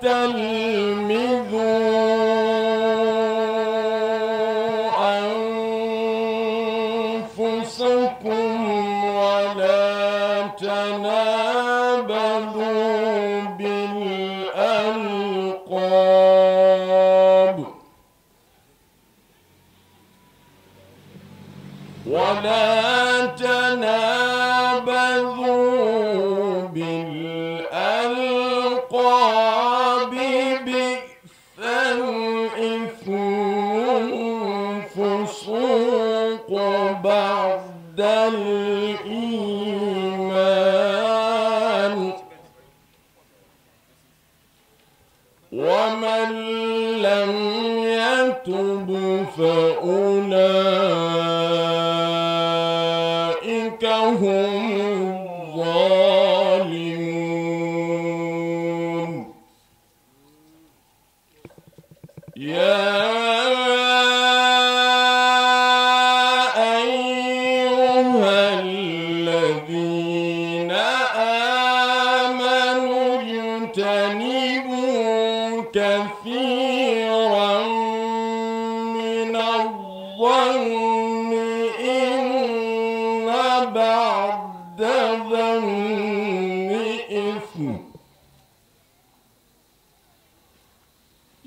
tell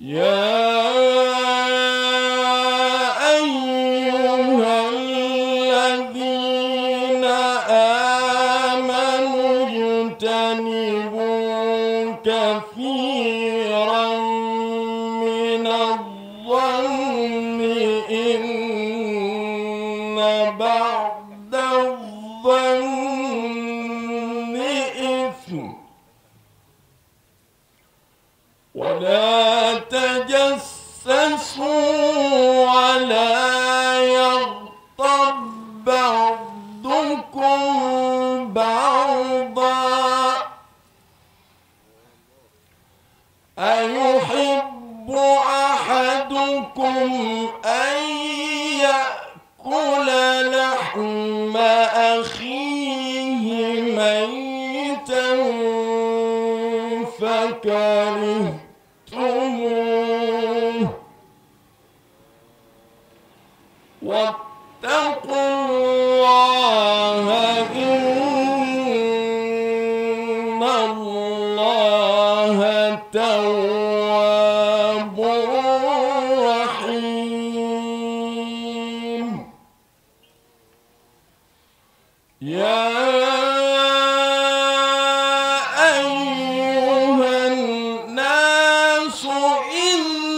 Yeah. إن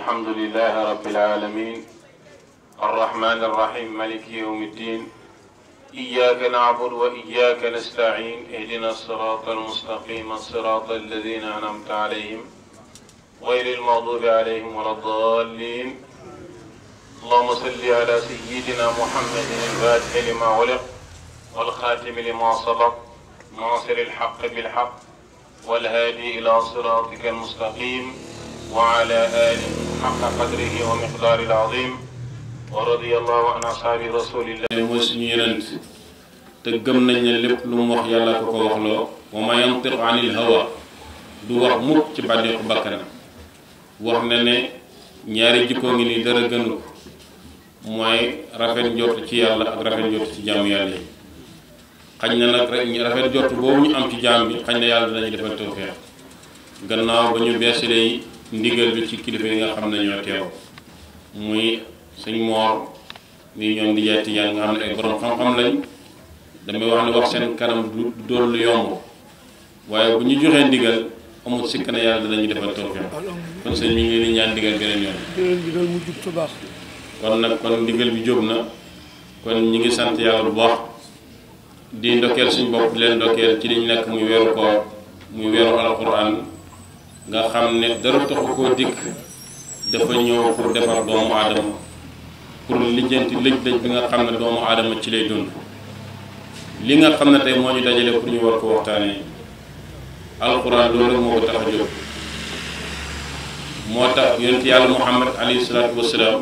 الحمد لله رب العالمين الرحمن الرحيم ملك يوم الدين إياك نعبد وإياك نستعين اهدنا الصراط المستقيم الصراط الذين أنعمت عليهم غير المغضوب عليهم ولا الضالين اللهم صل على سيدنا محمد الفاتح لما علق والخاتم لما سبق ناصر الحق بالحق والهادي إلى صراطك المستقيم وعلى آله حق قدره ومقداره العظيم ورضي الله عن أصحاب رسول الله mooy suñu yonent te gëm nañ ne lépp lu mu wax yàlla ko ko waxloo wa ma yantiqu anil hawa du wax mukk ci bànneexu bakkanam wax na ne ñaari jikkoo ngi ni dara gënu ko mooy rafet njort ci yàlla ak rafet jot ci jaamu yàlla yi xañ na nag rek ñu rafet njort boobu ñu am ci jaam bi xañ na yàlla dinañu defal tawfeex gannaaw ba ñu beesalee ndigal bi ci kilifa yi nga xam ne ñoo teew muy sëñ moor mi ñoom di jaay tijaan nga xam ne ay borom xam-xam lañ damay wax ne wax seen kanam du doon lu yomb waaye bu ñu joxee ndigal amul sikk na yàlla danañu defal tawfiq kon sëñ mi ñu leen di ndigal beneen yoon. ndigal kon nag kon ndigal bi jóg na kon ñi ngi sant yàlla bu baax di ndokkeel suñu bopp di leen ndokkeel ci liñ nekk muy weeru koor muy weeru alquran nga xam ne dara taxu koo dikk dafa ñëw pour defar doomu aadama pour lijjanti lëj-lëj bi nga xam ne doomu aadama ci lay dund li nga xam ne tey moo ñu dajale pour ñu war ko waxtaanee alxuraan loolu rek moo ko tax a jóg moo tax yonent yàlla muhammad alayhi salaatu wasalaam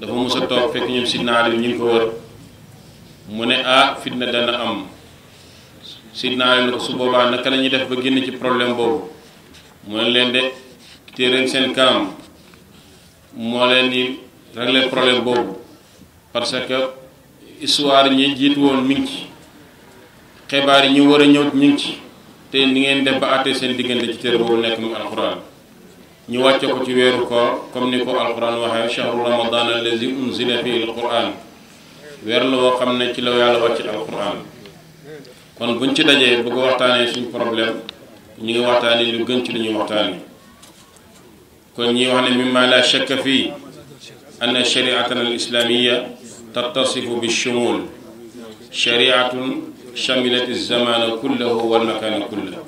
dafa mës a toog fekk ñoom sidna ñu ngi ko wër mu ne ah fitna dana am sidna ali ne ko su boobaa naka la ñuy def ba génn ci problème boobu mu leen de téeréen seen kanam moo leen di régler problème boobu parce que histoire ñi jiitu woon mi ngi ci xibaar yi ñu war a ñëw mi ngi ci te ni ngeen def ba àtte seen diggante ci téere boobu nekk mu alxuraan ñu wàcce ko ci weeru koor comme ni ko alxuraan waxee shahru ramadan allazi unzila fihi alquran weer la woo xam ne ci la yàlla wàcc alquran kon buñ ci dajee bëgg waxtaanee suñ problème ñuy waxtaane lu gën ci lu ñuy waxtaane kon ñuy wax ne mimma la shakka fii anna shariatana al islamia tattasifu bi shumul shariatun shamilat alzamana kullahu wal makana kullahu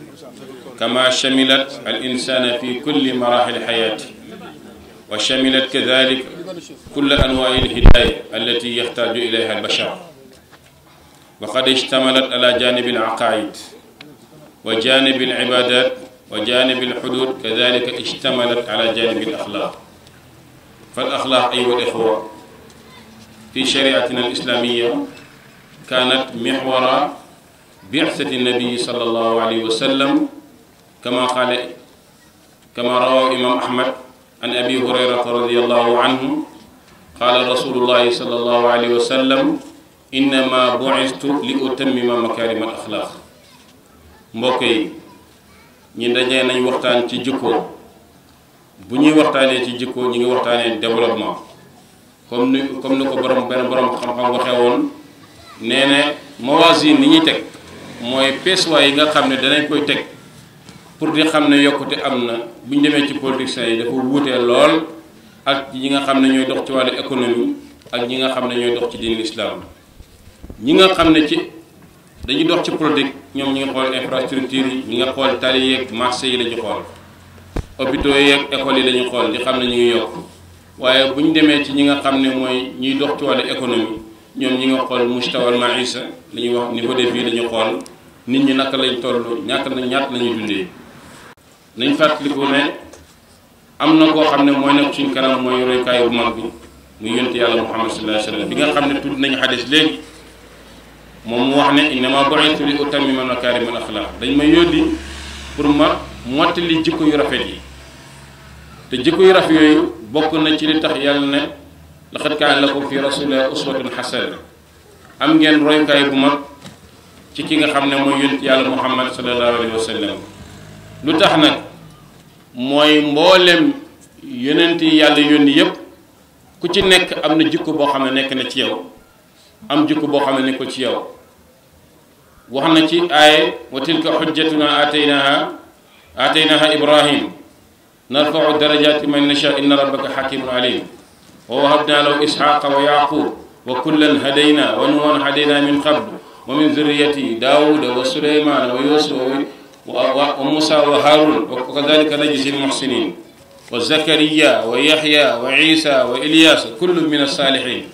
كما شملت الإنسان في كل مراحل حياته وشملت كذلك كل أنواع الهداية التي يحتاج إليها البشر وقد اشتملت على جانب العقائد وجانب العبادات وجانب الحدود كذلك اشتملت على جانب الأخلاق فالأخلاق أيها الإخوة في شريعتنا الإسلامية كانت محور بعثة النبي صلى الله عليه وسلم كما قال كما روى الإمام أحمد عن أبي هريرة رضي الله عنه قال رسول الله صلى الله عليه وسلم إنما بعثت لأتمم مكارم الأخلاق mbokk yi ñu dajee nañ waxtaan ci jikko bu ñuy waxtaanee ci jikko ñu ngi waxtaanee développement comme ni comme ni ko borom benn borom xam-xam waxee woon nee na mawasin ni ñuy teg mooy peesuwaay yi nga xam ne danañ koy teg pour di xam ne yokkute am na bu ñu demee ci politiciens yi dafa wuutee lool ak ñi nga xam ne ñuy dox ci wàllu économie ak ñi nga xam ne ñooy dox ci diin lislaam ñi nga xam ne ci dañuy dox ci politique ñoom ñi nga xool infrastructure yi ñi nga xool tali yeeg marché yi la ñu xool hôpitaux yeeg écoles yi la ñu xool di xam ne ñu ngi waaye bu demee ci ñi nga xam ne mooy ñuy dox ci wàllu ñoom ñi nga xool mustawal maïsa li ñuy wax niveau de vie la ñu xool nit ñi naka lañ toll ñàkk na lañu lañuy dundee nañ fàttaliku ne am na koo xam ne mooy nekk suñ kanam mooy roykaay bu mag bi muy yonent yàlla muhammad sallallahu alayhi wa sallam bi nga xam ne tudd nañu xadis léegi mom wax ne innama bu'itu li utammima makarim al akhlaq dañ ma yodi pour ma motali jikko yu rafet yi te jikko yu rafet yoy bokku na ci li tax yàlla ne laqad kaana lakum fi rasulillahi uswatun hasana am ngeen roy kay bu mag ci ki nga xamne moy mooy yàlla muhammad sallallahu alaihi wasallam lutax nak moy mbollem yonenti yàlla yoni yépp ku ci nek amna jikko bo xamne nek na ci yow am jikko bo xamne ne ko ci yow waxna ci aaye wa tilka xujjatuna atainaha aataynaha ibrahim narfau darajati man nasha inna rabbaka hakimun alim wa wahabna lahu ishaqa wa yaqub wa kullan hadayna wa nuwan hadayna min qabl wa min zurriyati daud wa sulayman wa yusuf wa musa wa harun wa kadhalika najzi al muhsinin wa zakariya wa yahya wa isa wa ilyas kullun min as salihin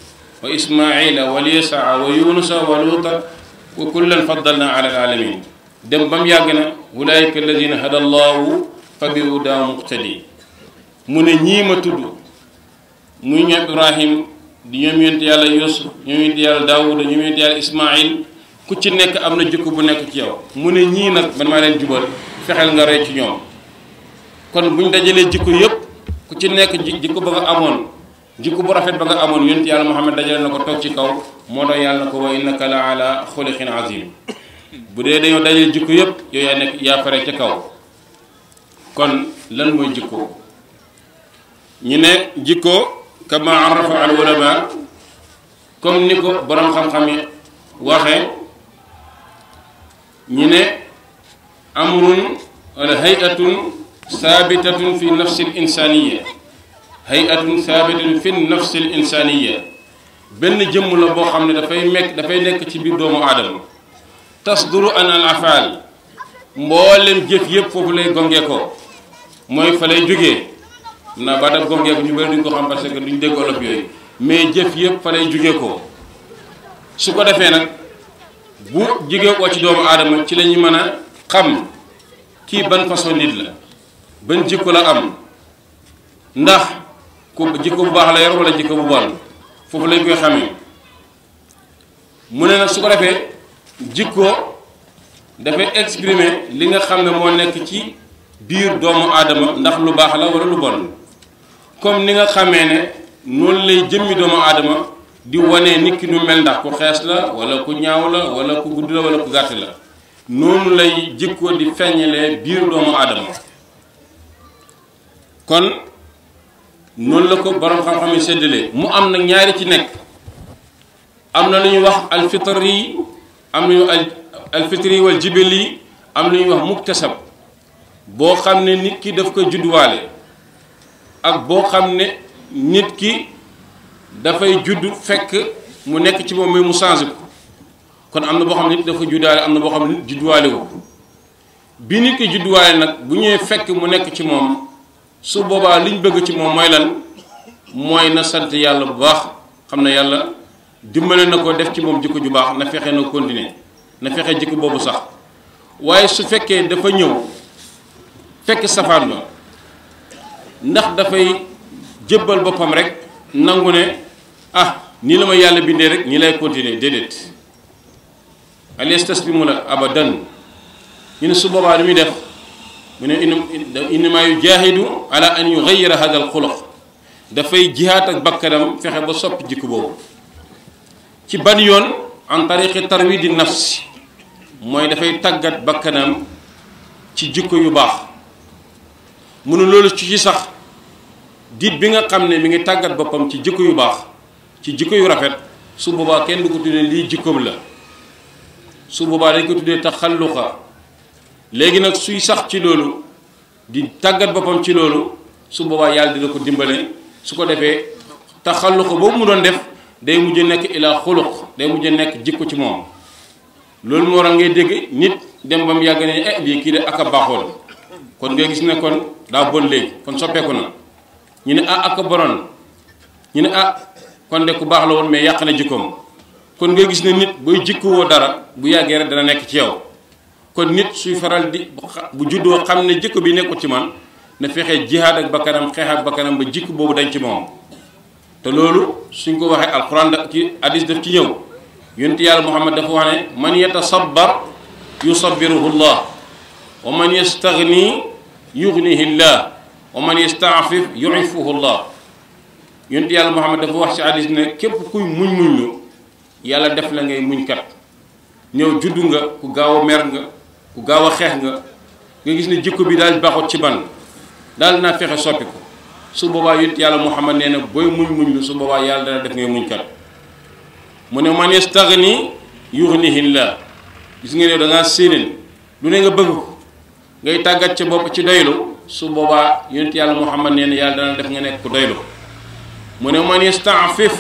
wa ismaila wa lisaa wa yunusa wa luuta wa kullan faddalna ala alalamin dem ba yàgg na ulaayika alladina hada allahu fa bi hudaa muqtadi mu ne ñii ma tudd muy ñoom ibrahim di ñoom yonent yàlla yusuf ñoom yonent yàlla daawuda ñoom yonent yàlla ismail ku ci nekk am na jikko bu nekk ci yow mu ne ñii nag man maa leen jubal fexeel nga roy ci ñoom kon buñ dajalee jikko yépp ku ci nekk jikko ba nga amoon jikko bu rafet ba nga amoon yent yàlla Muhammad dajale nako tok ci kaw mo do yàlla nako wa innaka la ala khuliqin azim bu dee dañoo dajale jikko yépp yo ya nek ya pare ci kaw kon lan moy jikko ñu ne jikko kama arafa al ulama comme niko borom xam-xam yi waxee ñu ne amrun wala hayatun saabitatun fi nafsi al insaniya hay'atun saabitin fi nafsi l insaniya benn jëmm la boo xam ne dafay mekk dafay nekk ci biir doomu aadama tasduru an al afaal mboolem jëf yëpp foofu lay gongee ko mooy fa lay jógee na ba dab gongee ko ñu bëri duñ ko xam parce que duñ dégg olof yooyu mais jëf yëpp fa lay jógee ko su ko defee nag bu jógee ko ci doomu aadama ci la ñu mën a xam kii ban façon nit la ban jikko la am ndax ku jikko bu baax la yor wala jikko bu bon foofu lañ koy xamee mu ne nag su ko defee jikko dafay exprimer li nga xam ne moo nekk ci biir doomu aadama ndax lu baax la wala lu bon comme ni nga xamee ne noonu lay jëmmi doomu aadama di wane nit ki nu mel ndax ku xees la wala ku ñaaw la wala ku gudd la wala ku gàtt la noonu lay jikko di feeñalee biir doomu aadama kon noonu la ko borom xam-xam yi séddalee mu am na ñaari ci nekk am na lu ñuy wax alfitr yi am nañu al alfitr yi wal jibel yi am lu ñuy wax muktasab boo xam ne nit ki daf ko judduwaale ak boo xam ne nit ki dafay judd fekk mu nekk ci moom mais mu changé ko kon am na boo xam ne nit dafa juddaale am na boo xam ne nit judduwaale ko bi nit ki judduwaale nag bu ñëwee fekk mu nekk ci moom su boobaa liñ bëgg ci moom mooy lan mooy na sant yàlla bu baax xam na yàlla dimbale na ko def ci moom jikko ju baax na fexe na continuer na fexe jikko boobu sax waaye su fekkee dafa ñëw fekk safaan ba ndax dafay jébbal boppam rek nangu ne ah nii la ma yàlla bindee rek nii lay continuer déedéet aliestas bi mu la abadan ñu ne su boobaa ni muy def mu ne innama yu jaahidu ala an yugayyira hada al xuluq dafay jihaat ak bakkanam fexe ba soppi jikko boobu ci ban yoon en tariqi di nafsi mooy dafay tàggat bakkanam ci jikko yu baax mu ne loolu ci sax diit bi nga xam ne mi ngi tàggat boppam ci jikko yu baax ci jikko yu rafet su boobaa kenn du ko tuddee lii jikkoom la su boobaa dañ ko tuddee taxalluqa léegi nag suy sax ci loolu di tàggat boppam ci loolu su boobaa yàlla dina ko dimbale su ko defee ko boobu mu doon def day mujj nekk ilaa xuluq day mujj nekk jikko ci moom loolu moo waral ngay dégg nit dem ba mu yàgg ne eh bii kii de ak a baaxoon kon ngay gis ne kon daa bon léegi kon soppeeku na ñu ne ah ak a bonoon ñu ne ah kon de ku baax la woon mais yàq na jikkoom kon ngay gis ne nit booy jikkuwoo dara bu yàggee rek dana nekk ci yow. kon nit suy faral di bu juddoo xam ne jikko bi nekkul ci man na fexe jihaad ak bakkanam xeex ak bakkanam ba jikk boobu dañ ci moom te loolu suñ ko waxee alxuraan da ci hadis daf ci ñëw yonent yàlla muhammad dafa wax ne man yatasabbar yusabbiruhu llah man yastagni yugnihi llah wa man yastaafif yuifuhu llah yonent yàlla muhammad dafa wax ci hadis ne képp kuy muñ muñ yàlla def la ngay muñkat ñëw judd nga ku gaaw a mer nga ku gaaw a xeex nga nga gis ne jikko bi daal baaxut ci ban daal naa fexe soppi ko su boobaa yit yàlla muhammad nee na booy muñ muñ lu su boobaa yàlla dana def ngay muñkat mu ne man yastaghni yughnihi llah gis nga ne da ngaa séeneen lu ne nga bëgg ko ngay tàggat ci bopp ci doylu su boobaa yonent yàlla muhammad nee na yàlla dana def nga nekk ku doylu mu ne man yasta'fif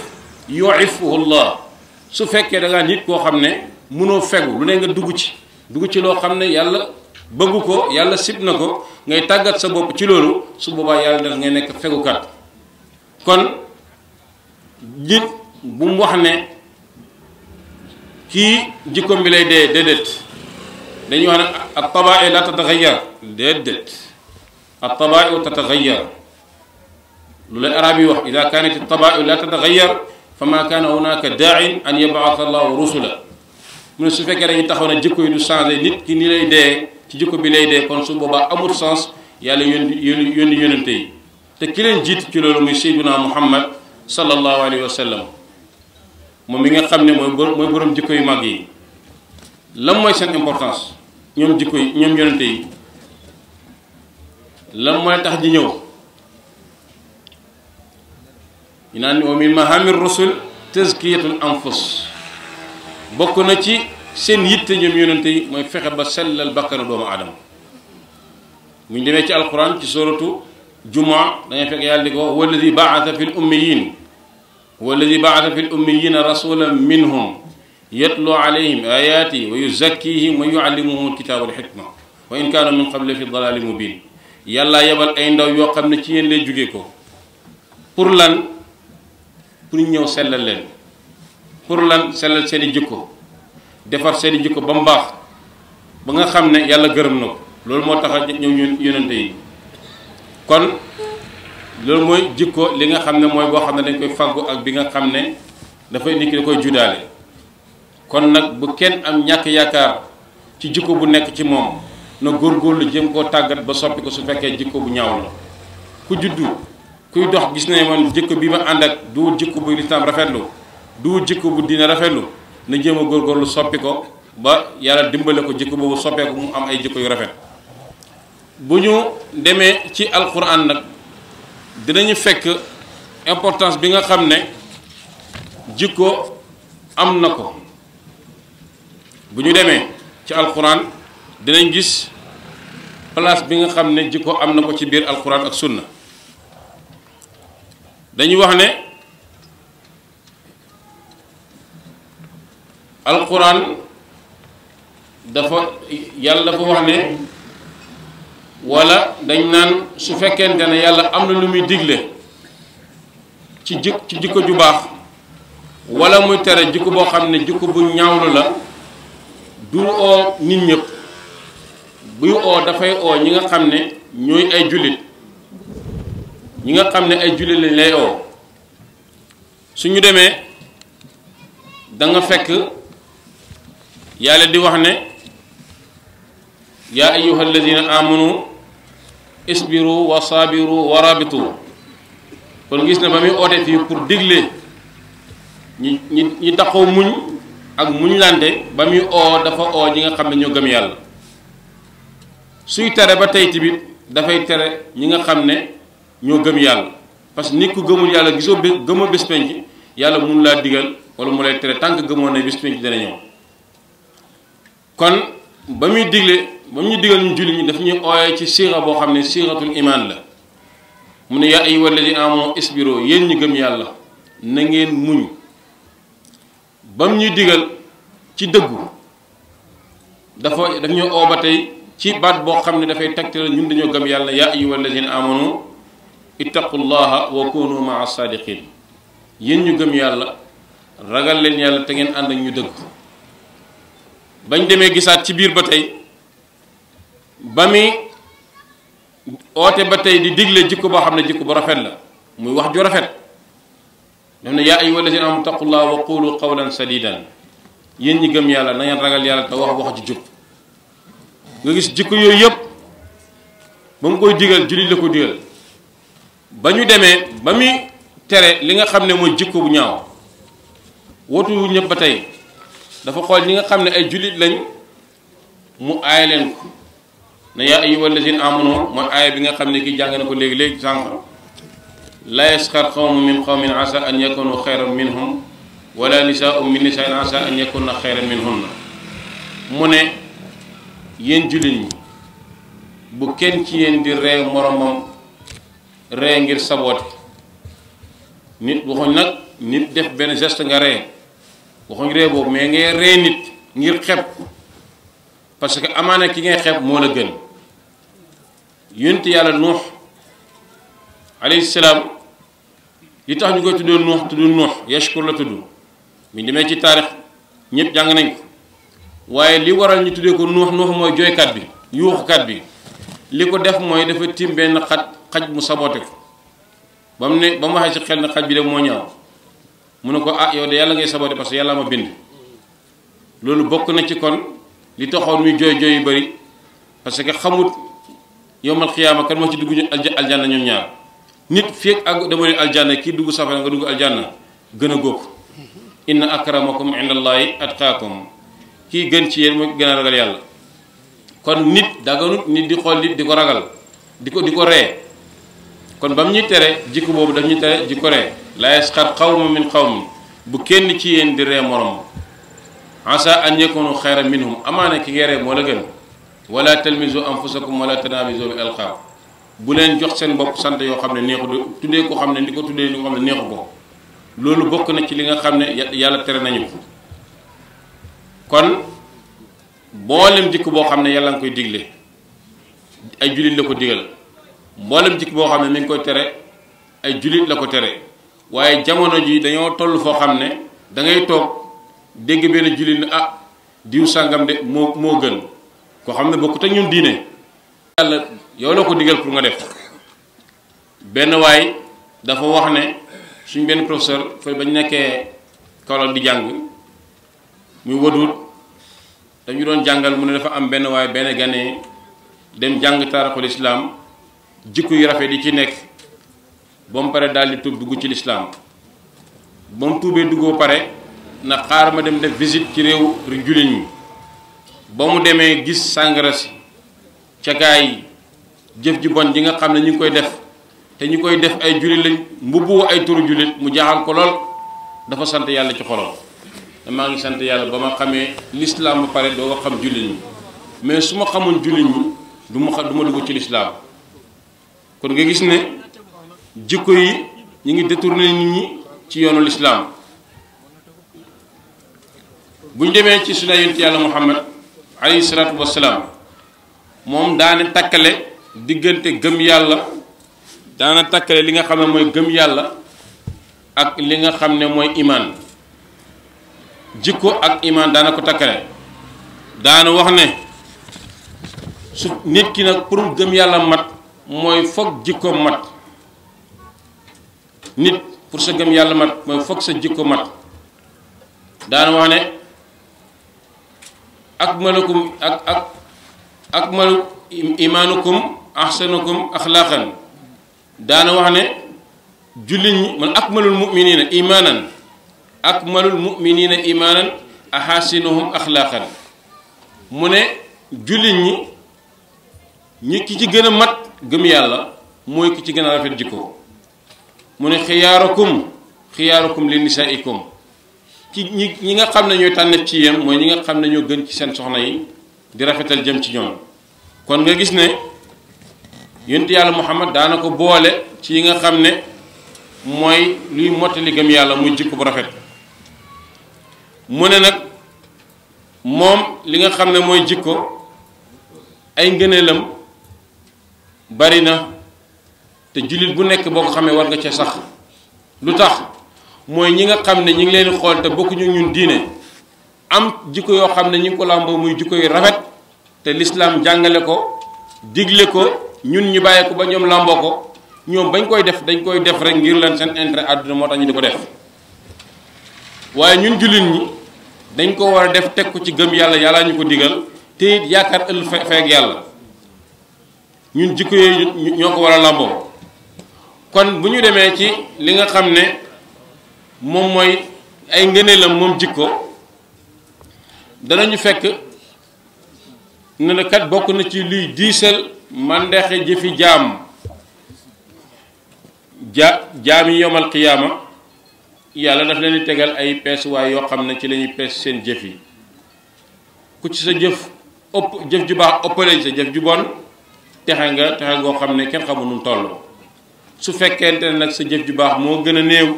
yu'iffuhu llah su fekkee da ngaa nit koo xam ne mënoo fegu lu ne nga dugg ci dugg ci loo xam ne yàlla bëggu ko yàlla sib na ko ngay tàggat sa bopp ci loolu su boobaa yàlla def ngay nekk fegukat kon nit bu mu wax ne kii jikkoom bi lay dee déedéet dañuy wax ne ab tabaay la tataxayar déedéet ab tabaay u tataxayar lu lay arab yi wax ida kaanat tabaay la tataxayar fa ma kaana hunaka daain an yabaata allahu rusula mune su fekkee dañu taxaw ne jikko yi du changé nit ki ni lay dee ci jikko bi lay dee kon su boobaa amul sens yàlla yónni yónni yónnante yi te ki leen jiit ci loolu muy sayduna muhammad sallallahu alayhi wa sallam moom mi nga xam ne mooy mooy borom jikko yu mag yi lan mooy seen importance ñoom jikko yi ñoom yónnante yi lan mooy tax di ñëw ñu naan wa min mahamir rusul tazkiyatul anfus bokk na ci seen yitte ñoom yonente yi mooy fexe ba sellal bakkanu doomu aadama bu ñu demee ci alquran ci suratu jumaa da ngay fekk yàlla di ko wax walladi baasa fi l ummiyin walladi baasa fi l ummiyina rasulan minhum yatlu alayhim ayaati wa yuzakkihim wa yuallimuhum alkitaaba wal xikma wa in kaanu min qable fi dalali mubin yàlla yebal ay ndaw yoo xam ne ci yéen lay jóge ko pour lan pour ñëw sellal leen pour lan selal seeni jikko defar seeni jikko bam bax ba nga xamne yalla yàlla nok na mo tax a ñu yonante yi kon loolu moy jikko li nga xamne moy bo xamne dañ koy fagu ak bi nga xamne da fay nit ki koy judalé kon nak bu kenn am ñak yaakar ci jikko bu nekk ci moom na lu jëm ko tagat ba soppi ko su fekke jikko bu ñaaw la ku juddu kuy dox gis ne man jikko bi ma andak du jikko bu l'islam rafetlu du jikko bu dina rafetlu na jéem gor góorgóorlu soppi ko ba yalla dimbalé ko jikko soppé ko mu am ay jikko yu rafet buñu démé ci alquran nak, dinañu fekk importance bi nga xamné ne jikko am nako buñu démé ci alquran dinañ gis place bi nga xamné ne jikko am nako ci bir alquran ak sunna dañu wax ne alquran dafa yàlla dafa wax ne wala dañ naan su fekkente ne yàlla am na lu muy digle ci jik ci jikko ju baax wala muy tere jikko boo xam ne jikko bu ñaawlu la du oo nit ñëpp buy oo dafay oo ñi nga xam ne ñooy ay jullit ñi nga xam ne ay jullit lañ lay oo suñu demee da fekk yàlla di wax ne yaa ayyuha alladina amanu isbiru wa sabiru wa rabitu kon gis ne ba muy oote fii pour digle ñi ñi ñi taxaw muñ ak muñ lante ba muy oo dafa oo ñi nga xam ne ñoo gëm yàlla suy tere ba tey tamit dafay tere ñi nga xam ne ñoo gëm yàlla parce que nit ku gëmul yàlla gisoo bés gëmoo bés penc yàlla mun laa digal wala mu lay tere tant que gëmoo ne bés penc kon ba muy digle ba mu ñu digal ñu julli ñi daf ñuy ooyee ci siira boo xam ne siiratul imaan la mu ne yaa ayyuha alladina amanu isbiru yéen ñu gëm yàlla na ngeen muñ ba mu ñuy digal ci dëggu dafa daf ñuy ba tey ci baat boo xam ne dafay tegtal ñun dañoo gëm yàlla yaa ayyuha alladina amanu ittaqullaha wa kunu maa saadiqin yéen ñu gëm yàlla ragal leen yàlla te ngeen ànd ak ñu dëgg bañ demee gisaat ci biir ba tey ba muy oote ba tey di digle jikko boo xam ne jikko bu rafet la muy wax ju rafet def ne yaa ayyuha allazina amanu taqullaha wa qulu qawlan sadidan yéen ñi gëm yàlla na ngeen ragal yàlla te wax wax ju jub nga gis jikko yooyu yépp ba mu koy digal jullit la ko digal ba ñu demee ba muy tere li nga xam ne mooy jikko bu ñaaw wotu ñëpp ba tey dafa xol ñi nga xamne ay julit lañ mu ay leen ko ya yaa wal ladin amanu mo ay bi nga xamne ki kii jàng na ko leg leg sank la yaskhar qawmun min qawmin asa an yakunu khayran minhum wala nisaa'u min nisaa'in asa an yakunna khayran minhunna mu ne yéen julit ñi bu kenn ci yéen di ree moromam ree ngir sabot nit waxuñ nag nit def benn geste nga ree waxuñ ree boobu mais ngay ree nit ngir xeb parce que amaana ki ngay xeb moo la gën yonent yàlla nuux alayhi salaam li tax ñu koy tuddee nuux tudd nuux yashkur la tudd mi demee ci taarix ñëpp jàng nañ ko waaye li waral ñu tuddee ko nuux nuux mooy jooykat bi yuuxukat bi li ko def mooy dafa tiim benn xaj xaj mu sabote ko ba mu ne ba mu waxee ci xel na xaj bi de moo ñaaw mu ne ko ah yow de yàlla ngay sabote parce que yàlla ma bind loolu bokk na ci kon li taxoon muy jooy jooy yu bëri parce que xamut yowmal xiyaama kan moo ci dugg ñu aljanna ñoom ñaar nit feeg ak dama ne aljanna kii dugg safara nga dugg aljanna gën a góob inna akramakum indallahi atqaakum kii gën ci yéen moo gën a ragal yàlla kon nit daganut nit di xool nit di ko ragal di ko ree kon ba mu ñuy tere jikko boobu daf ñu tere jikko ree la yasxar xawma min xawmin bu kenn ci yéen di ree morom asa an yakunu xayra minhum amaana ki ngay ree moo la gën wala talmizu anfusakum wala tanaamizu bi alqaab bu leen jox seen bopp sante yoo xam ne neexu tuddee ko xam ne ni ko tuddee li nga xam ne neexu ko loolu bokk na ci li nga xam ne yàlla tere nañu ko kon boolem jikko boo xam ne yàlla nga koy digle ay jullit la ko digal mboolem jikk boo xam ne mi ngi koy tere ay jullit la ko tere waaye jamono ji dañoo toll foo xam ne dangay toog dégg benn jullit ne ah diw sàngam de moo moo gën koo xam ne bokkut te ñun diine yàlla yow la ko digal pour nga def benn waay dafa wax ne suñ benn professeur fa bañ nekkee Kaolack di jàng muy wadut dañu doon jàngal mu ne dafa am benn waay benn ganee dem jàng taarixul islaam jikk yu rafet yi ci nekk ba mu pare daal di tuub dugg ci lislaam ba mu tuubee duggoo pare na xaar ma dem def visite ci réew jullit ñi ba mu demee gis sàngara si ca gaa yi jëf ji bon ji nga xam ne ñu ngi koy def te ñu koy def ay jullit lañ mbubbu ay turu jullit mu jaaxal ko lool dafa sant yàlla ci xolam te maa ngi sant yàlla ba ma xamee lislaam ba pare doo ko xam jullit ñi mais su ma xamoon jullit ñi du ma xam du ma dugg ci lislaam kon nga gis ne jikko yi ñu ngi détourné nit ñi ci yoonu lislaam bu ñu demee ci sunna yonent yàlla muhammad alayhi salaatu wassalaam moom daane takkale diggante gëm yàlla daana takkale li nga xam ne mooy gëm yàlla ak li nga xam ne mooy imaan jikko ak imaan daana ko takkale daana wax ne su nit ki nag pour gëm yàlla mat mooy foog jikkoom mat nit pour sa gëm yàlla mat mooy foog sa jikko mat daana wax ne ak malakum ak ak ak malu imaanukum ahsanukum axlaaqan daana wax ne jullit ñi man ak malul muminina imaanan ak malul mu ne jullit ñi ñi ki ci gën mat gëm yàlla mooy ki ci gën a rafet jikko mu ne xiyaarukum xiyaarukum li nisaikum ki ñi ñi nga xam ne ñooy tànneef ci yéen mooy ñi nga xam ne ñoo gën ci seen soxna yi di rafetal jëm ci ñoom kon nga gis ne yonent yàlla Muhammad daanako boole ci yi nga xam ne mooy luy mottali gëm yàlla muy jikko bu rafet mu ne nag moom li nga xam ne mooy jikko ay ngëneelam bari na te jullit bu nekk boo ko xamee war nga cee sax lu tax mooy ñi nga xam ne ñi ngi leen xool te bokkuñu ñun diine am jikko yoo xam ne ñi ngi ko làmboo muy jikko yi rafet te lislaam jàngale ko digle ko ñun ñu bàyyi ko ba ñoom làmboo ko ñoom bañ koy def dañ koy def rek ngir leen seen intérêt àdduna moo tax ñu di ko def waaye ñun jullit ñi dañ ko war a def teg ko ci gëm yàlla yàlla ñu ko digal te it yaakaar ëll feek yàlla ñun jikko yooyu ñoo ko war a làmboo kon bu ñu demee ci li nga xam ne moom mooy ay ngëneelam moom jikko danañu fekk ne bokk na ci luy diisal màndeexe jëfi jaam ja jaam yi yomal qiyaama yàlla daf leen di tegal ay peesuwaay yoo xam ne ci la ñuy pees seen jëf yi ku ci sa jëf ëpp jëf ju baax ëppale sa jëf ju bon texe nga texe ngoo xam ne kenn xamul nu mu su fekkente ne nag sa jëf ju baax moo gën a néew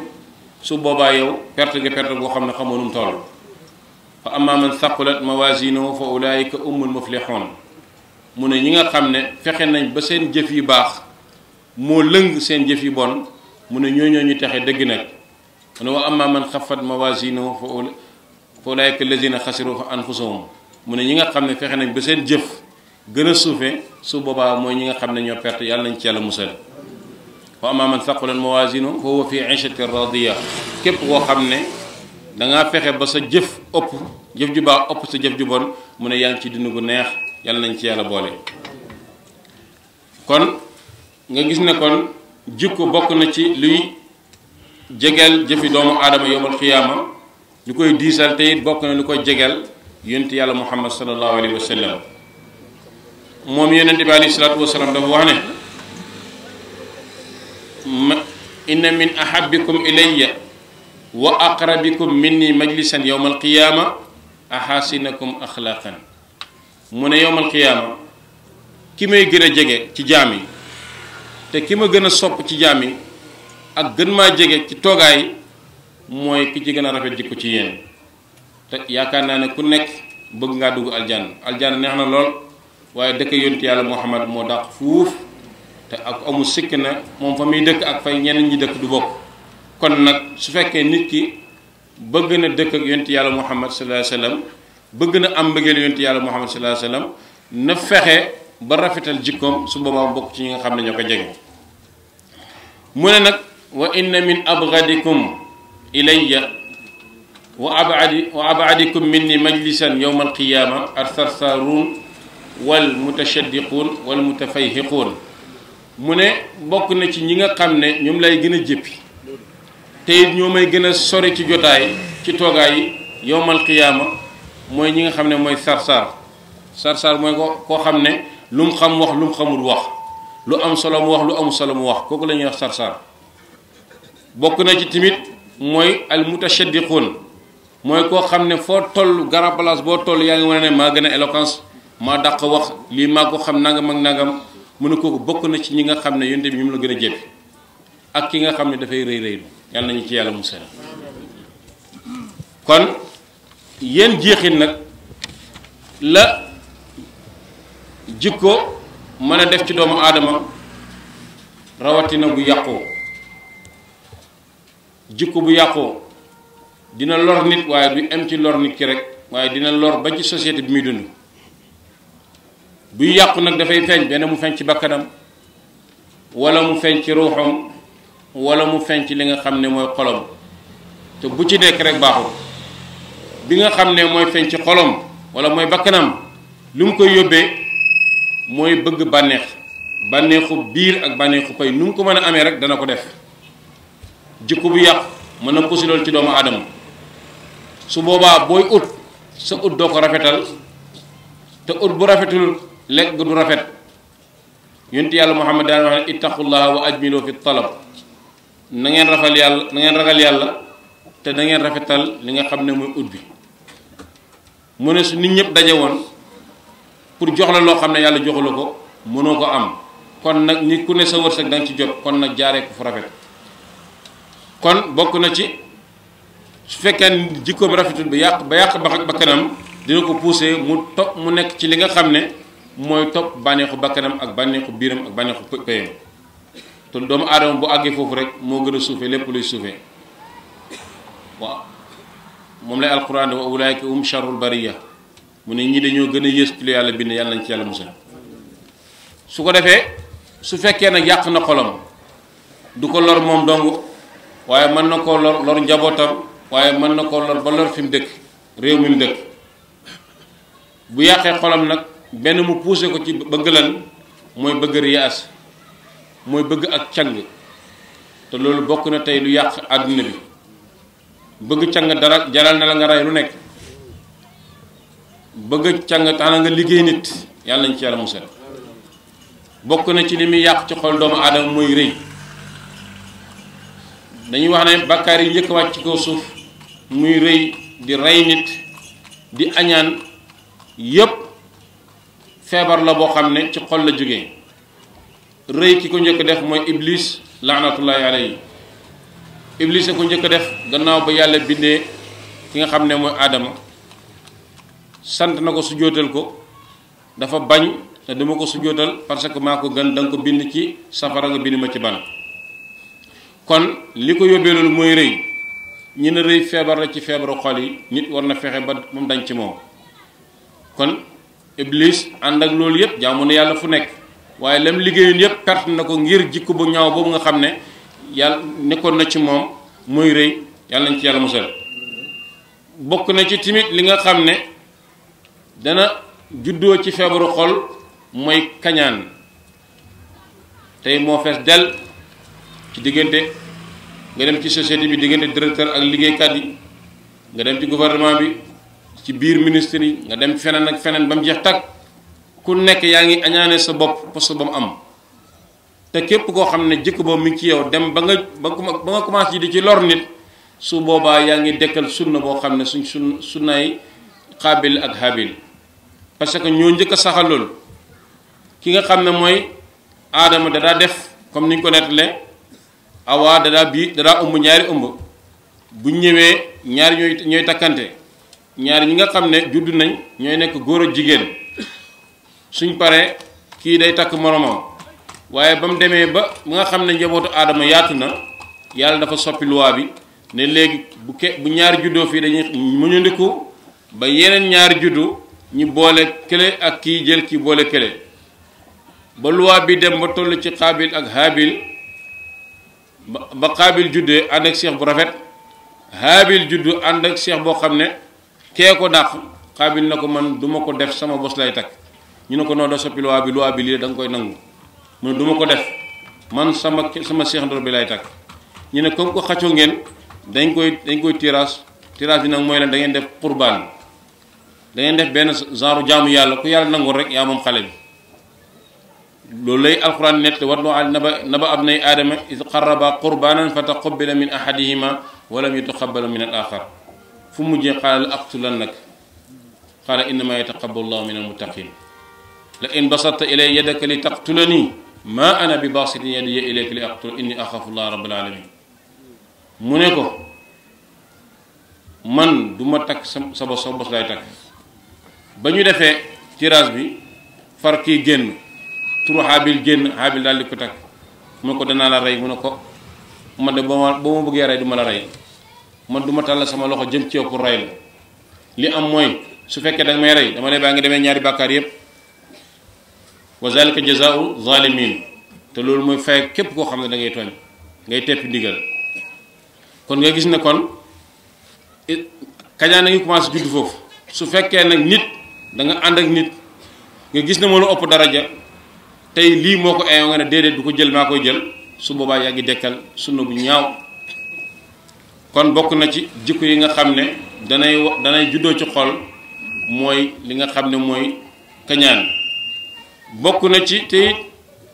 su boobaa yow perte nga perte ngoo xam ne xamoo nu mu toll fa amma man saqulat mawazinuhu fa ulaayika umul muflixoon mu ne ñi nga xam ne fexe nañ ba seen jëf yu baax moo lëng seen jëf yu bon mu ne ñooñoo ñu texe dëgg nag mu ne wa amma man xafat mawazinuhu fa ulaayika lazina xasiru fa anfusahum mu ne ñi nga xam ne fexe nañ ba seen jëf gën a suufe su boobaa mooy ñi nga xam ne ñoo perte yàlla nañ ci yàlla musal wa amaa man thaqulat mawazinuhu fa huwa fi ishati radiya képp koo xam ne dangaa fexe ba sa jëf ëpp jëf ju baax ëpp sa jëf ju bon mu ne yàlla ngi ci dund gu neex yàlla nañ ci yàlla boole kon nga gis ne kon jikko bokk na ci luy jegeel jëfi doomu aadama yowmal xiyaama lu koy diisal te it bokk na lu ko jegeel yonent yàlla muhammad sallallahu alayhi wa sallam moom yonente bi alayhi salaatu wasalaam dafa wax ne ma inna min ahabikum ilayya wa aqrabikum minni majlisan yowma alqiyaama ahaasinakum axlaaqan mu ne yowma alqiyaama ki may gën a jege ci jaam te ki ma gën a sopp ci jaam ak gën maa jege ci toogaay mooy ki ci gën a rafet jikko ci yéen te yaakaar naa ne ku nekk bëgg ngaa dugg aljanna aljanna neex na lool waaye dëkk yonti yàlla Muhammad moo dàq fuuf te ak amu sikk na moom fa muy dëkk ak fay ñenn ñi dëkk du bokk kon nag su fekkee nit ki bëgg na dëkk ak yonti yàlla Muhammad sallallahu alayhi wasallam bëgg na am mbëggeel yonti yàlla Muhammad sallallahu alayhi wasallam na fexe ba rafetal jikkoom su boobaa bokk ci nga xam ne ñoo ko jege mu ne nag wa inna min abghadikum ilayya wa abadi wa abadikum minni majlisan yawma alqiyama artharsarun wal mutashaddiquun wal mutafayhiquun mu ne bokk na ci ñi nga xam ne ñoom lay gën a jéppi te ñoo may gën a sori ci jotaay ci toogaay yi yowmal qiyaama mooy ñi nga xam ne mooy sarsar sarsar mooy ko koo xam ne lu mu xam wax lu mu xamul wax lu am solo mu wax lu amul solo mu wax kooku la ñuy wax sarsar bokk na ci tamit mooy al mutashaddiquun mooy koo xam ne foo toll grand place boo toll yaa ngi wane ne maa gën a éloquence maa dàq wax lii maa ko xam nangam ak nangam mu ne bokk na ci ñi nga xam ne yonte bi ñu la gën a jëpp ak ki nga xam ne dafay rëy rëylu yàlla nañu ci yàlla musal kon yéen jeexin nag la jikko mën a def ci doomu aadama rawatina bu yàqoo jikko bu yàqoo dina lor nit waaye bi em ci lor nit ki rek waaye dina lor ba ci société bi muy dund buy yàqu nag dafay feeñ benn mu feeñ ci bakkanam wala mu feeñ ci ruuxam wala mu feeñ ci li nga xam ne mooy xolom te bu ci nekk rek baaxul bi nga xam ne mooy feeñ ci xolom wala mooy bakkanam lu mu koy yóbbee mooy bëgg bànneex bànneexu biir ak bànneexu koy nu mu ko mën a amee rek dana ko def jikko bu yàqu mën na posi loolu ci doomu aadama su boobaa booy ut sa ut doo ko rafetal te ut bu rafetul lekk du rafet yonent yàlla Muhammad daan wax ne ittaqullaha wa ajmilu fi talab na ngeen rafal yàlla na ngeen ragal yàlla te na ngeen rafetal li nga xam ne mooy ut bi mu ne su nit ñëpp daje woon pour jox la loo xam ne yàlla joxu la ko mënoo ko am kon nag ni ku ne sa wërsëg danga ci jot kon nag jaaree ko fu rafet kon bokk na ci su fekkee ni jikkoom rafetul ba yàq ba yàq ba bakkanam dina ko poussé mu topp mu nekk ci li nga xam ne mooy topp bànneexu bakkanam ak bànneexu biiram ak bànneexu payam te doomu aadama bu àggee foofu rek moo gën a suufee lépp luy suufee waaw moom lay alquran wa ulaayka hum charrul bariya mu ne ñi dañoo gën a yées ci lu yàlla bind yàlla nañ ci su ko defee su fekkee nag yàq na xolam du ko lor moom dong waaye mën na koo lor lor njabootam waaye mën na koo lor ba lor fi mu dëkk réew mi mu dëkk bu yàqee xolom nag benn mu poussé ko ci bëgg lan mooy bëgg riyaas mooy bëgg ak càng te loolu bokk na tey lu yàq àdduna bi bëgg cang dara jaral na la nga rey lu nekk bëgg càng tax na nga liggéey nit yàlla nañ ci yàlla musal bokk na ci li muy yàq ci xol doomu aadama mooy rëy dañuy wax ne bàkkaar yi njëkk wàcc ci kaw suuf muy rëy di rey nit di añaan yépp febar la bo xamne ne ci xol la jógee reey ki ko njëkk def moy iblis la'natullahi alayhi iblis a ko ñëk def gannaaw ba yalla bindé ki nga xamne ne adam sant na ko sujjóotal ko dafa bañ da dama ko sujjóotal parce que mako gën da ko bind ci safara nga bind ma ci ban kon liko yobé lol moy reey rëy ñi ne rëy feebar la ci feebaru xol yi nit war na ba dañ ci mom kon iblis anda ak loolu yépp jaamu na yàlla fu nekk waaye lam liggéeyun yépp perte na ko ngir jikko bu ñaaw boobu nga xam ne yàlla na ci moom rëy yàlla nañ ci yàlla musal bokk na ci timit li nga xam dana juddoo ci feebaru xol mooy kañaan tey moo fees del ci diggante nga dem ci société bi diggante directeur ak liggéeykat yi nga dem ci gouvernement bi ci biir ministre yi nga dem feneen ak feneen ba mu jeex tàkk ku nekk yaa ngi añaane sa bopp poste ba mu am te képp koo xam ne jikko boobu mi ci yow dem ba nga ba ba nga commencé di ci lor nit su boobaa yaa ngi dekkal sunna boo xam ne suñ su sunnaay xaabil ak habil parce que ñoo njëkk a saxal loolu ki nga xam ne mooy aadama dadaa def comme ni ñu ko nettalee awaa dadaa bii dadaa ëmb ñaari ëmb bu ñëwee ñaari ñooy ñooy takkante ñaar ñi nga xam ne judd nañ ñooy nekk góor ak jigéen suñ paree kii day takk moromam waaye ba mu demee ba ba nga xam ne njabootu aadama yaatu na yàlla dafa soppi loi bi ne léegi bu ke bu ñaari juddoo fii dañuy muñandiku ba yeneen ñaari juddu ñi boole kële ak kii jël kii boole kële ba loi bi dem ba toll ci xaabil ak haabil ba xaabil juddee ànd ak seex bu rafet haabil juddu ànd ak seex boo xam ne kee ko dàq xaabil na ko man duma ko def sama bos lay takk ñu ne ko noonu da soppi loi bi loi bi lii da nga koy nangu mu ne du ko def man sama sama seexandoor bi lay takk ñu ne comme ko xaccoo ngeen dañ koy dañ koy tirage tirage bi nag mooy la da ngeen def qurbaan da ngeen def benn genre jaamu yàlla ku yàlla nangu rek yaa moom xale bi loolu lay alxuraan nett ba na ba am abnay aadama iz qarraba qurbaanan fa taqabbala min ahadihima wa lam yutaqabbal min al axar fu mujjee xaala la aqtulannaka xaala innama yataqabbalu llahu min almuttaqin la in basatta ilay yadaka li taqtulani ma ana bi basitin yadiya ilayka li aqtula inni axaafu llah alamin mu ne ko man du ma takk sa sa bos sa bos lay takk ba ñu defee tirage bi far kii génn turu xaabil génn xaabil daal di ko takk mu ne ko danaa la rey mu ne ko man de ba ma ba bëggee rey du ma la rey man duma tal sama loxo jëm ci yow pour ray li am mooy su fekkee da may ray dama ne baa ngi demee ñaari bàkkaar yépp wa zalika jazaa'u zalimin te loolu mooy fay képp koo xam ne da ngay tooñ ngay teppi ndigal kon nga gis ne kon kañaan a ngi commencé judd foofu su fekkee nag nit da nga ànd ak nit nga gis ne moo la ëpp daraja tey lii moo ko ayoo nga ne déedéet du ko jël maa koy jël su boobaa dekkal sunna bu ñaaw kon bokku na ci jikko yi nga xamne danay danay juddo ci xol moy li nga xamne moy mooy kañaan bokk na ci te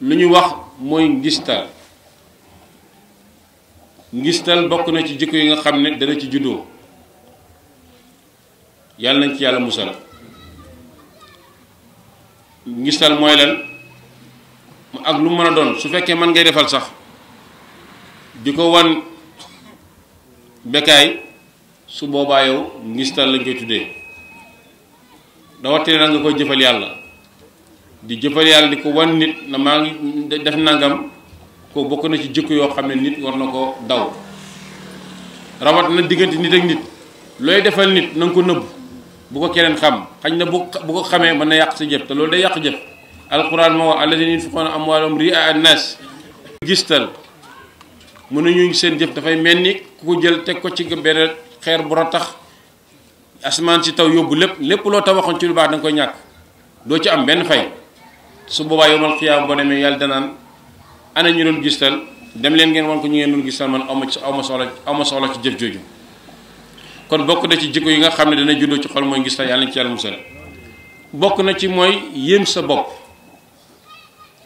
luñu wax moy ngistal ngistal bokku na ci jikko yi nga xamne dana ci juddo yalla nang ci yalla musal ngistal moy lan ak lu mën doon su fekke man ngay defal sax diko wan bekkaay su boobaa yow ngistal lañ koy tuddee rawatina nga koy jëfal yàlla di jëfal yàlla di ko wan nit na maa ngi def nangam ko bokk na ci jikko yoo xam ne nit war na ko daw rawat na diggante nit ak nit looy defal nit na ko nëbb bu ko keneen xam xañ na bu bu ko xamee man na yàq sa jëf te loolu day yàq jëf alquran moo wax alladina yunfiquna ri ria annas gistal mu ne ñu seen jëf dafay mel ni ku ko jël teg ko ci benn xeer bu tax asmaan si taw yóbbu lépp lépp loo taw waxoon ci lu baax da koy ñàkk doo ci am benn fay su boobaa yomal xiyaam boo demee yàlla danaan ana ñu doon gistal dem leen ngeen ñu ngeen doon gistal man awma ci awma soxla awma soxla ci jëf jooju kon bokk na ci jikko yi nga xam ne dana juddoo ci xol mooy gistal yàlla nañ ci yàlla musal bokk na ci mooy yéem sa bopp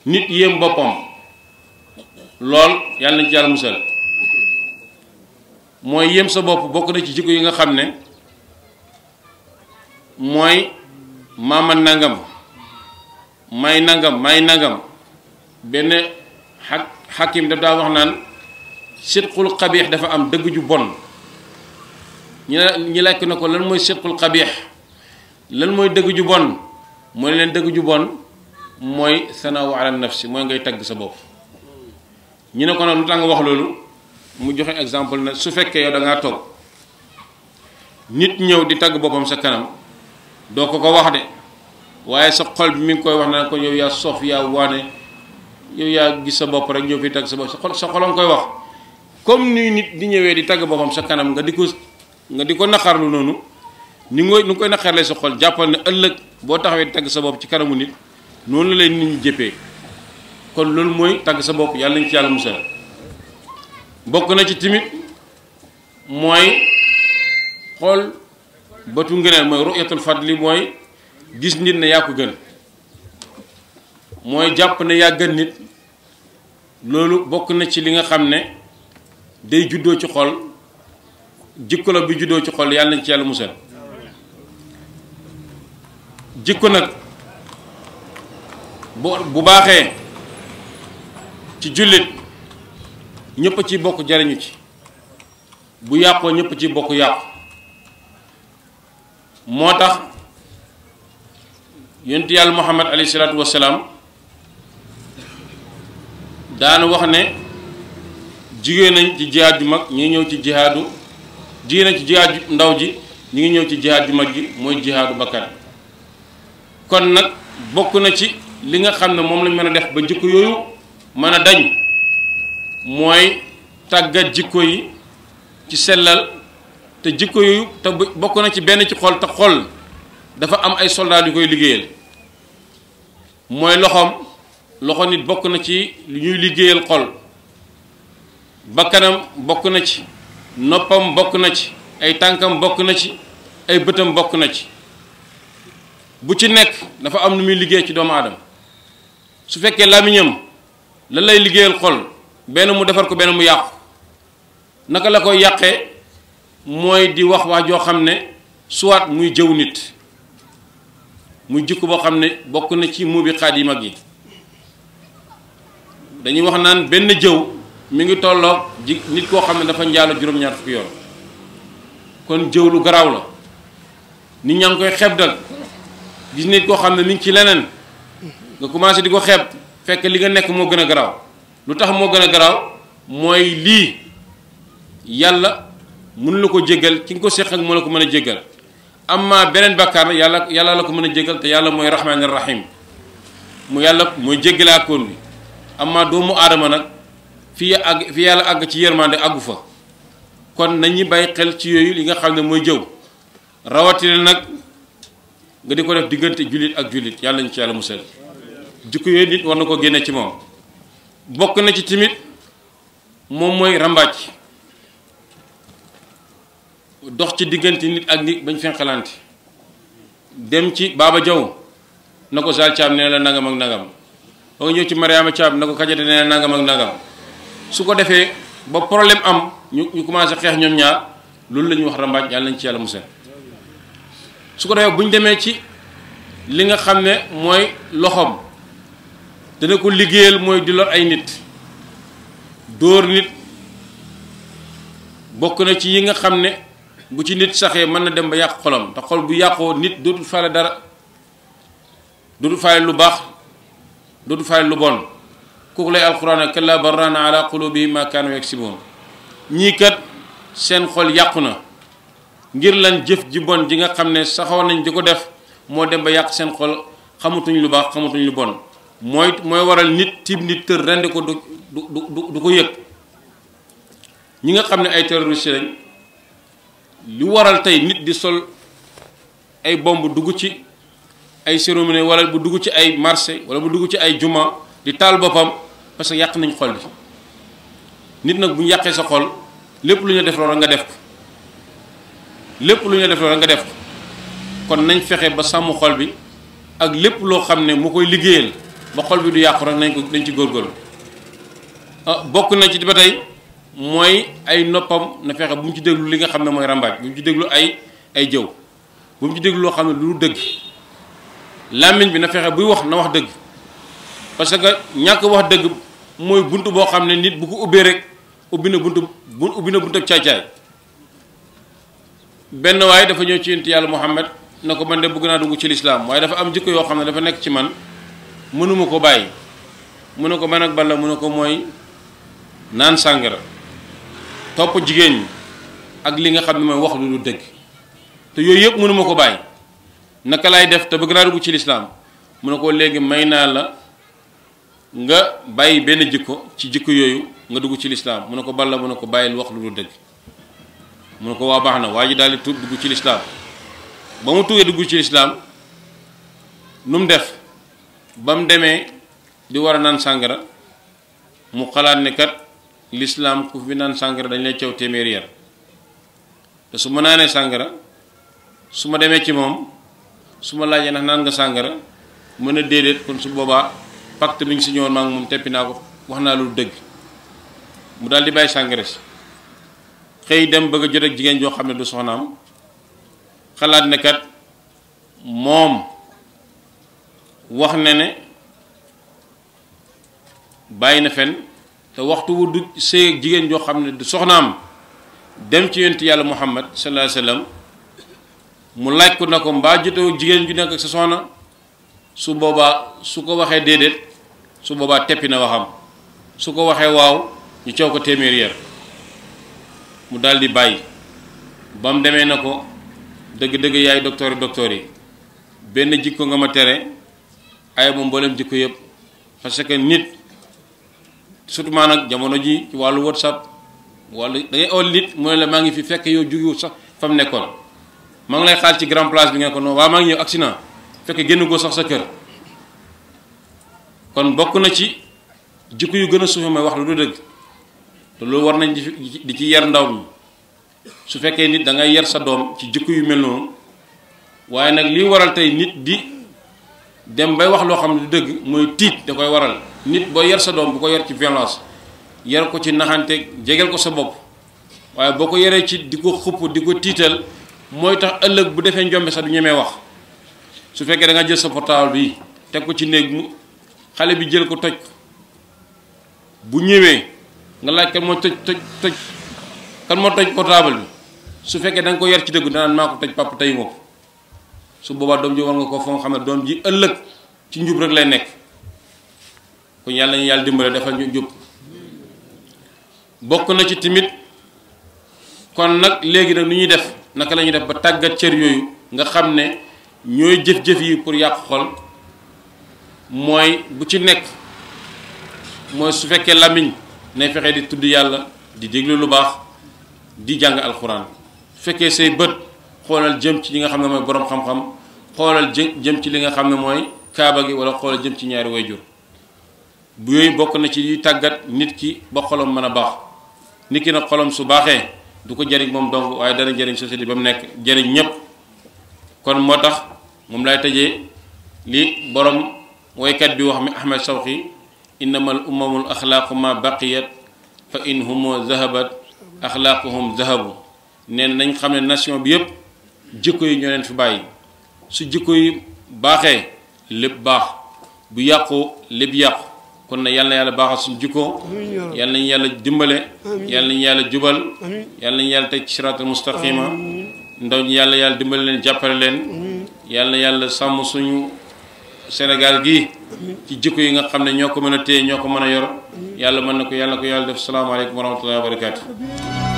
nit yéem boppam lool yàlla nañ ci yàlla musal mooy yem sa bopp bokk na ci jikko yi nga xam ne mooy maama nangam may nangam may nangam benn xak xakim daf daa wax naan sitqul xabiix dafa am dëgg ju bon ñi la ñi lekk na ko lan mooy sitqul xabiix lan mooy dëgg ju bon mooy leen dëgg ju bon mooy sanaawu ala nafsi mooy ngay tagg sa bopp ñu ne ko nag lu tax wax loolu mu joxe exemple na su fekkee yow da toog nit ñëw di tagg boppam sa kanam doo ko ko wax de waaye sa xol bi mi ngi koy wax naan ko yow yaa soof yaa waane yow yaa gis sa bopp rek ñëw fi tagg sa bopp sa xol sa xolom koy wax comme ni nit di ñëwee di tagg boppam sa kanam nga di ko nga di ko naqarlu noonu ni nga nu nga koy naqarlee sa xol jàppal ne ëllëg boo taxawee di tagg sa bopp ci kanamu nit noonu la lay nit ñu jëppee kon loolu mooy tàgg sa bopp yàlla nañ ci yàlla musal bokk na ci timit mooy xool bëtu ngëneel mooy ru'yatul fadli mooy gis nit ne yaa gën mooy jàpp ne yaa nit loolu bokk na ci li nga xam ne day juddoo ci xol jikko la bi juddoo ci xol yàlla nañ ci yàlla musal jikko nag bu bu baaxee ci jullit ñëpp ci bokk jariñu ci bu yàppoo ñëpp ci bokk yàqu moo tax yonent yàlla muhammad alayhi wassalaam daanu wax ne jigéen nañ ci jihaad ju mag ñu ngi ñëw ci jihaadu jigéen ci jihaad ju ndaw ji ñu ngi ñëw ci jihaad ju mag ji mooy jihaadu bakkan kon nag bokk na ci li nga xam ne moom lañ mën a def ba jikko yooyu mën a dañ mooy tàggat jikko yi ci sellal te jikko yu te bokk na ci benn ci xol te xol dafa am ay soldaat yu koy liggéeyal mooy loxoom loxo nit bokk na ci lu ñuy liggéeyal xol bakkanam bokk na ci noppam bokk na ci ay tànkam bokk na ci ay bëtam bokk na ci bu ci nekk dafa am lu muy liggéey ci doomu aadama su fekkee làmmiñam lan lay liggéeyal xol benn mu defar ko benn mu yàqu naka la koy yàqee mooy di wax waa joo xam ne soit muy jëw nit muy jikko boo xam ne bokk na ci muubi xaat yi mag yi dañuy wax naan benn jëw mu ngi tolloog ji nit koo xam ne dafa njaalo juróom-ñaar fukki yoon kon jëw lu garaaw la nit ñaa ngi koy xeeb dal gis nit koo xam ne mi ngi ci leneen nga commencé di ko xeeb fekk li nga nekk moo gën a garaaw lu tax moo gën a garaaw mooy lii yàlla mënu la ko jéggal ki nga ko séq ak moo la ko mën a jéggal amma beneen bàkkaar yàlla yàlla la ko mën a jéggal te yàlla mooy rahmaani rahim mu yàlla mooy jéggalaakoon bi amma doomu aadama nag fi àgg fi yàlla àgg ci yërmande àggu fa kon nañu bàyyi xel ci yooyu li nga xam ne mooy jëw rawatina nag nga di ko def diggante jullit ak jullit yàlla ñu ci yàlla set jikko yooyu nit war na ko génne ci moom bokk na ci timit moom mooy ràmbaaj dox ci diggante nit ak nit bañ fenqalante dem ci baaba jaw na ko sal caab nee na nangam ak nangam ba nga ñëw ci mariama caab na ko kajate nee la nangam ak nangam su ko defee ba problème am ñu ñu commencé xeex ñoom ñaar loolu lañuy wax rambaaj yàlla nañ ci yàlla musal su ko defee bu ñu demee ci li nga xam ne mooy loxoom dana ko liggéeyal mooy di lor ay nit dóor nit bokk na ci yi nga xam ne bu ci nit saxee mën na dem ba yàq xolam te xol bu yàqoo nit dootul faale dara dootul faale lu baax dootul faale lu bon kooku lay alxuraan kalla barrana ala qulubihim ma si yaksibuun ñii kat seen xol yàqu na ngir lan jëf ji bon ji nga xam ne saxoon nañ di ko def moo dem ba yàq seen xol xamatuñ lu baax xamatuñ lu bon mooy mooy waral nit tiib nit tër rendi ko du du du du ko yëg ñi nga xam ne ay terroriste lañ li waral tey nit di sol ay bomb dugg ci ay cérémonie wala bu dugg ci ay marché wala bu dugg ci ay juma di taal boppam parce que yàq nañ xol bi nit nag bu yàqee sa xol lépp lu ñu def loolu nga def ko lépp lu ñu def loolu nga def ko kon nañ fexe ba sàmm xol bi ak lépp loo xam ne mu koy liggéeyal. ba xol bi du yàqu rek nañ ko nañ ci góorgóorlu ah, bokk na ci ba tey mooy ay noppam na fexe bu mu ci déglu li nga xam ne mooy ràmbaaj bu mu ci déglu ay ay jëw bu mu ci déglu loo xam lu dëgg làmmiñ bi na fexe buy wax na wax dëgg parce que ñàkk wax dëgg mooy bunt boo xam ne nit bu ko ubbee rek ubbi na buntu bu ubbi buntu ak caay benn waaye dafa ñëw ci yent muhammad na ko man de bëgg naa dugg ci l'islam waaye dafa am jikko yoo xam dafa nekk ci man mënuma ko bàyyi mu ne ko ban ak bala mu ne ko mooy naan sàngara topp jigéen ñi ak li nga xam ne mooy wax lu du dëgg te yooyu yëpp mënuma ko bàyyi naka laay def te bëgg naa dugg ci lislaam mu ne ko léegi may naa la nga bàyyi benn jikko ci jikko yooyu nga dugg ci lislaam mu ne ko balla mu ne ko bàyyi bàyyil wax lu du dëgg mu ne ko waa baax na waa ji daal di tuub dugg ci lislaam ba mu tuggee dugg ci lislaam nu mu def ba mu demee di war a naan sàngara mu xalaat ne kat lislaam ku fi naan sàngara dañ lay caw téeméeri yar te su ma naanee sàngara su ma demee ci moom su ma laajee ndax naan nga sàngara mën a déedéet kon su boobaa pacte bi ñu si ñëwoon maa ngi moom teppi naa ko wax naa lu dëgg mu daal di bàyyi sàngara si xëy dem bëgg a jot ak jigéen joo xam ne du soxnaam xalaat ne kat moom wax na ne bàyyi na fen te waxtu wu du sëy jigéen joo xam ne du soxnaam dem ci yonent yàlla muhammad sallallahu alayhi mu laaj ko na ko mbaa jotoo jigéen ju nekk ak sa soxna su boobaa su ko waxee déedéet su boobaa teppi na waxam su ko waxee waaw ñu coow ko téeméer yar mu daldi bàyyi ba mu demee na ko dëgg-dëgg yaay docteur yi docteur yi benn jikko nga ma tere ay moom mboolem jikko yëpp parce que nit surtout maanaam jamono ji ci wàllu whatsapp wàllu da ngay ool nit mu ne la maa ngi fi fekk yow jugiwu sax fa mu nekkoon maa ngi lay xaal ci grand place bi ngeen ko non waaw maa ngi ñëw accident fekk génn goo sax sa kër kon bokk na ci jikko yu gën a suufe mooy wax lu du dëgg te loolu war nañ di ci yar ndaw mi su fekkee nit da ngay yar sa doom ci jikko yu mel noonu waaye nag lii waral tey nit di dem bay wax loo xam ne du dëgg mooy tiit da koy waral nit boo yar sa doom bu ko yar ci violence yar ko ci naxante jegeel ko sa bopp waaye boo ko yaree ci di ko xupp di ko tiital mooy tax ëllëg bu defee njombe sax du ñemee wax su fekkee danga jël sa portable bi teg ko ci néeg mu xale bi jël ko toj bu ñëwee nga laaj kan moo toj toj toj kan moo toj portable bi su fekkee da nga ko yar ci dëgg danaan maa ko toj papa tey moo su boba dom ji war nga ko fo nga dom ji ëllëg ci njub rek lay nekk ku yàlla ñu yalla dimbalé dafa ñu njub bokku na ci timit kon nak léegi nak nu ñuy def nak la def ba tàggat cër yooyu nga xam ne jëf-jëf yi pour yaq xol moy bu ci nekk moy su fekke lamiñ ne fexé di tuddu yalla di déglu lu bax di jang alcorane fekke sey beut xoolal jëm ci li nga xam ne mooy borom xam-xam xoolal jëm ci li nga xam ne mooy kaaba gi wala xoolal jëm ci ñaari jur bu yooyu bokk na ci tàggat nit ki ba xolom mën a baax nit ki nag xolom su baaxee du ko jëriñ moom donc waaye dana jëriñ société ba mu nekk jëriñ ñépp kon moo tax moom lay tëjee li boroom woykat bi wax mi Ahmed Sawqi innamal umamul axlaaqu ma baqiyat fa in humo zahabat axlaaquhum zahabu nee nañ xam ne nation bi yépp jikko yi ñoo leen fi bàyyi su jikko yi baaxee lépp baax bu yàqu lépp yàqu kon na yàlla yàlla baaxal suñu jikko yàlla nañu yàlla dimbale yàlla nañu yàlla jubal yàlla nañu yàlla teg ci siraatal mustaqima ndaw yàlla yàlla dimbale leen jàppale leen yàlla yàlla sàmm suñu Sénégal gii ci jikko yi nga xam ne ñoo ko mën a téye ñoo ko mën a yor yàlla mën na ko yàlla na ko yàlla def salaamaaleykum wa rahmatullahi wa barakaatu